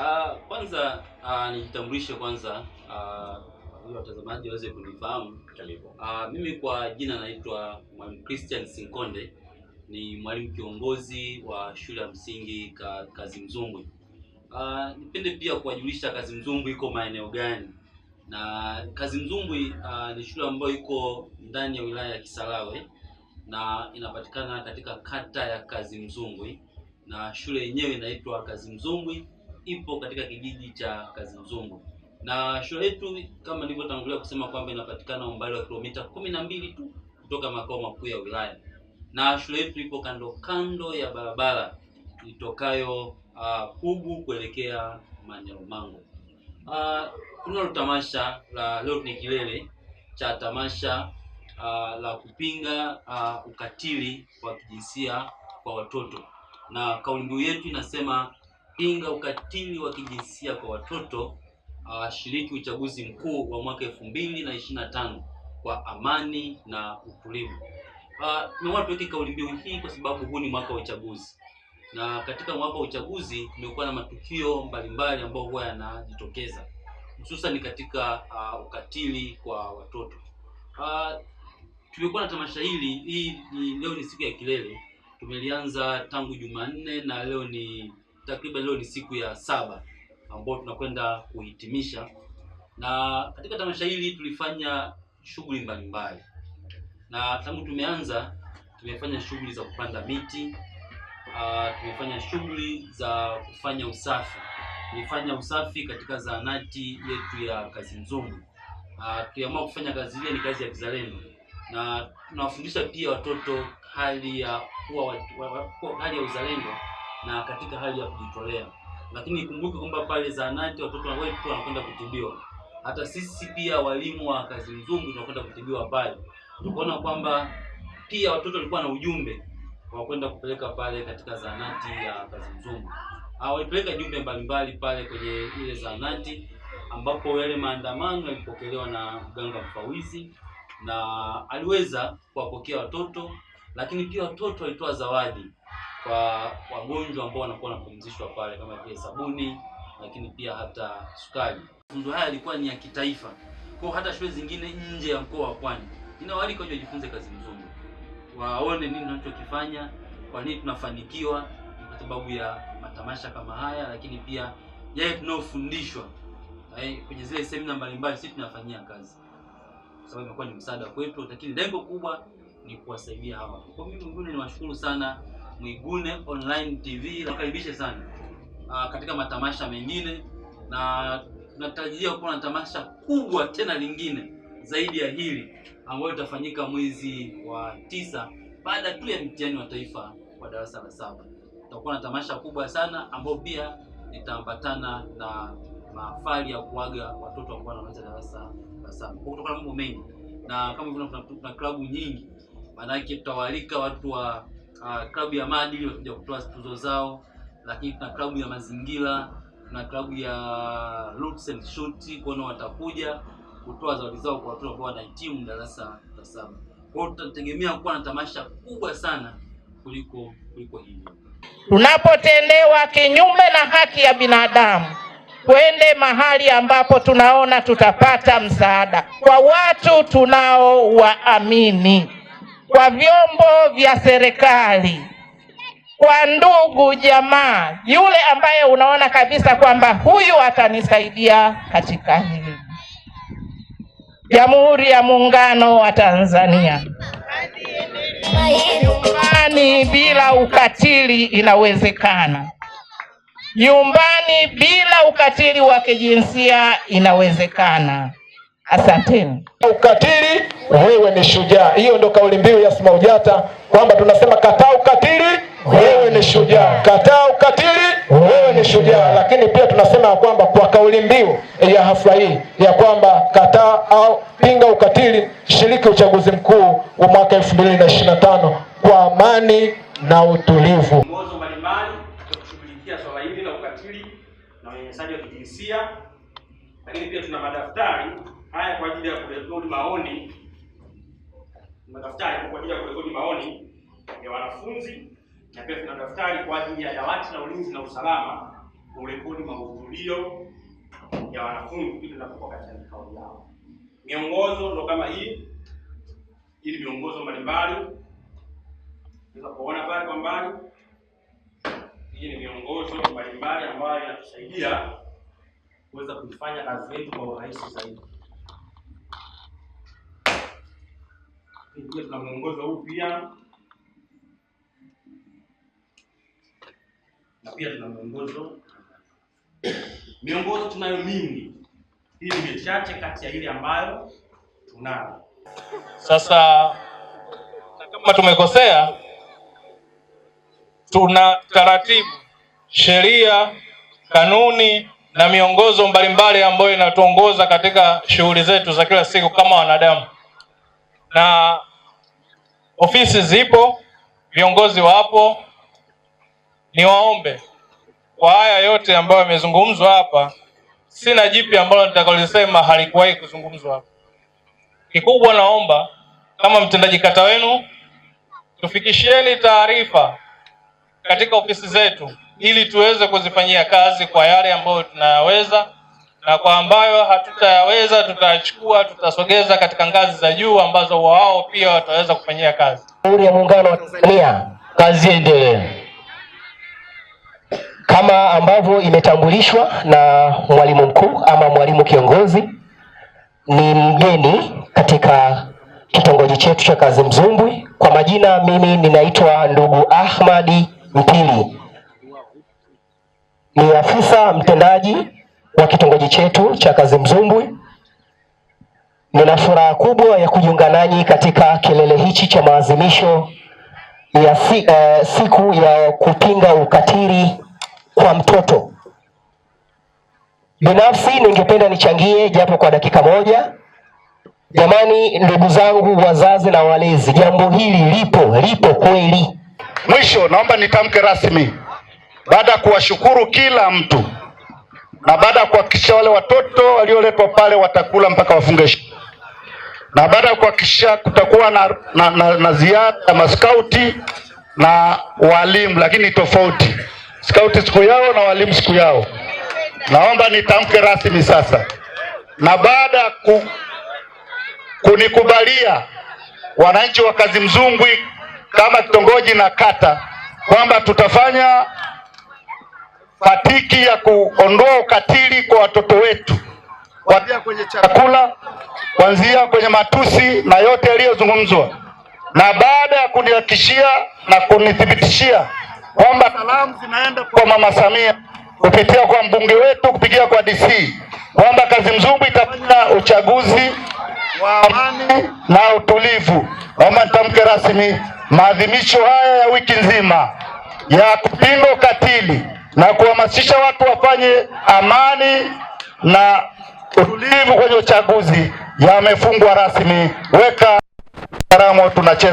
Uh, kwanza uh, nijitambulishe kwanza ili uh, ah, watazamaji waweze kunifahamu. Uh, mimi kwa jina naitwa Mwalimu Christian Sinkonde, ni mwalimu kiongozi wa shule ya msingi ka, Kazimzumbwi. Uh, nipende pia kuwajulisha Kazimzumbwi iko maeneo gani na Kazimzumbwi uh, ni shule ambayo iko ndani ya wilaya ya Kisarawe na inapatikana katika kata ya Kazimzumbwi na shule yenyewe inaitwa Kazimzumbwi ipo katika kijiji cha Kazimzungu na shule yetu kama nilivyotangulia kusema kwamba inapatikana umbali wa kilomita kumi na mbili tu kutoka makao makuu ya wilaya, na shule yetu ipo kando kando ya barabara itokayo Pugu ah, kuelekea Manyarumango. Uh, ah, tunalo tamasha la leo ni kilele cha tamasha uh, la kupinga uh, ukatili wa kijinsia kwa watoto, na kauli mbiu yetu inasema kupinga ukatili wa kijinsia kwa watoto awashiriki uh, uchaguzi mkuu wa mwaka elfu mbili na ishirini na tano kwa amani na utulivu. Tumeamua uh, tuweke kauli mbiu hii kwa sababu huu ni mwaka wa uchaguzi, na katika mwaka wa uchaguzi tumekuwa na matukio mbalimbali ambayo huwa yanajitokeza hususan katika uh, ukatili kwa watoto uh, tumekuwa na tamasha hili hii, leo ni siku ya kilele, tumelianza tangu Jumanne na leo ni takriban leo ni siku ya saba ambayo tunakwenda kuhitimisha, na katika tamasha hili tulifanya shughuli mbalimbali, na tangu tumeanza tumefanya shughuli za kupanda miti uh, tumefanya shughuli za kufanya usafi. Tulifanya usafi katika zahanati yetu ya nzuri. Uh, ah, tuliamua kufanya kazi ile, ni kazi ya kizalendo, na tunawafundisha pia watoto hali ya kuwa, hali ya uzalendo na katika hali ya kujitolea, lakini ikumbuke kwamba pale zahanati watoto wetu wanakwenda kutibiwa, hata sisi pia walimu wa kazi mzungu tunakwenda kutibiwa pale. Tukaona kwamba pia watoto walikuwa na ujumbe wa kwenda kupeleka pale katika zahanati ya kazi mzungu. Ah, walipeleka jumbe mbalimbali pale kwenye ile zahanati, ambapo yale maandamano yalipokelewa na mganga mfawizi na aliweza kuwapokea watoto, lakini pia watoto walitoa zawadi kwa wagonjwa ambao wanakuwa wanapumzishwa pale, kama vile sabuni, lakini pia hata sukari. Mafunzo haya yalikuwa ni ya kitaifa, kwa hata shule zingine nje ya mkoa wa Pwani ninawaalika waje wajifunze kazi Mzungu, waone nini tunachokifanya, kwa nini tunafanikiwa, kwa sababu ya matamasha kama haya, lakini pia yale tunaofundishwa kwenye zile semina mbalimbali, sisi tunafanyia kazi kwa sababu imekuwa ni msaada kwetu, lakini lengo kubwa ni kuwasaidia hawa. Kwa mimi mwingine niwashukuru sana Mwigune Online TV. Nakaribishe sana uh, katika matamasha mengine, na natarajia kuwa na tamasha kubwa tena lingine zaidi ya hili ambayo itafanyika mwezi wa tisa baada tu ya mtihani wa taifa wa darasa la saba. Tutakuwa na tamasha kubwa sana ambayo pia itaambatana na mahafali ya kuaga watoto ambao wanaanza darasa la saba, kwa kutokana na mambo mengi, na kama kuna, tuna klabu nyingi, maanake tutawaalika watu wa uh, klabu ya maadili wakija kutoa tuzo zao, lakini kuna klabu ya mazingira, kuna klabu ya looks and shoot kuona watakuja kutoa zawadi zao kwa watu ambao wanahitimu darasa la saba. Kwa hiyo tutategemea kuwa na tamasha kubwa sana kuliko kuliko hili. Tunapotendewa kinyume na haki ya binadamu, twende mahali ambapo tunaona tutapata msaada kwa watu tunaowaamini kwa vyombo vya serikali, kwa ndugu jamaa, yule ambaye unaona kabisa kwamba huyu atanisaidia katika hili. Jamhuri ya Muungano wa Tanzania, nyumbani bila ukatili inawezekana. Nyumbani bila ukatili wa kijinsia inawezekana. Asanteni. Ukatili, wewe ni shujaa. Hiyo ndo kauli mbiu ya SMAUJATA kwamba tunasema kataa ukatili, wewe ni shujaa. Kataa ukatili, wewe ni shujaa. Lakini pia tunasema ya kwamba kwa kauli mbiu ya hafla hii ya kwamba kataa au pinga ukatili, shiriki uchaguzi mkuu wa mwaka 2025 kwa amani na utulivu. Mwanzo mbalimbali kushughulikia swala hili la ukatili na unyanyasaji wa kijinsia, lakini pia tuna madaftari haya kwa ajili ya kurekodi maoni, madaftari kwa ajili ya kurekodi maoni ya wanafunzi, na pia tuna daftari kwa ajili ya dawati la ulinzi na usalama kurekodi mahudhurio ya wanafunzi ili tunapokuwa katika vikao vyao. Miongozo ndo kama hii, ili miongozo mbalimbali unaweza kuona pale kwa mbali. Hii ni miongozo mbalimbali ambayo inatusaidia kuweza kuifanya kazi yetu kwa urahisi zaidi. ikiwa mwongozo huu pia na pia tuna mwongozo miongozo tunayo mingi, hii ni michache kati ya ile ambayo tunayo. Sasa kama tumekosea, tuna taratibu, sheria, kanuni na miongozo mbalimbali ambayo inatuongoza katika shughuli zetu za kila siku kama wanadamu na ofisi zipo, viongozi wapo. Niwaombe kwa haya yote ambayo yamezungumzwa hapa, sina jipi ambalo nitakalosema halikuwahi kuzungumzwa hapa. Kikubwa naomba kama mtendaji kata wenu tufikishieni taarifa katika ofisi zetu ili tuweze kuzifanyia kazi kwa yale ambayo tunayaweza na kwa ambayo hatutayaweza tutachukua, tutasogeza katika ngazi za juu ambazo wao pia wataweza kufanyia kazi. Jamhuri ya Muungano wa Tanzania, kazi endelee kama ambavyo imetambulishwa na mwalimu mkuu ama mwalimu kiongozi. Ni mgeni katika kitongoji chetu cha Kazi Mzumbwi. Kwa majina, mimi ninaitwa ndugu Ahmadi Mpili, ni afisa mtendaji wa kitongoji chetu cha Kazimzumbwi. Nina furaha kubwa ya kujiunga nanyi katika kilele hichi cha maadhimisho ya si, eh, siku ya kupinga ukatili kwa mtoto. Binafsi ningependa nichangie japo kwa dakika moja. Jamani, ndugu zangu wazazi na walezi, jambo hili lipo lipo kweli. Mwisho, naomba nitamke rasmi baada ya kuwashukuru kila mtu na baada ya kuhakikisha wale watoto walioletwa pale watakula mpaka wafunge, na baada ya kuhakikisha kutakuwa na, na, na, na ziara ya maskauti na walimu, lakini ni tofauti. Skauti siku yao na walimu siku yao. Naomba nitamke rasmi sasa, na baada ya ku, kunikubalia wananchi wa Kazimzumbwi kama kitongoji na kata kwamba tutafanya patiki ya kuondoa ukatili kwa watoto wetu kuanzia kwenye chakula, kuanzia kwenye matusi na yote yaliyozungumzwa, na baada ya kunihakikishia na kunithibitishia kwamba salamu zinaenda kwa mama Samia kupitia kwa mbunge wetu kupitia kwa DC kwamba kazi mzumbu itafanya uchaguzi wa amani na utulivu, naomba nitamke rasmi maadhimisho haya ya wiki nzima ya kupinga ukatili na kuhamasisha watu wafanye amani na utulivu kwenye uchaguzi yamefungwa rasmi. Weka karamu tunacheza.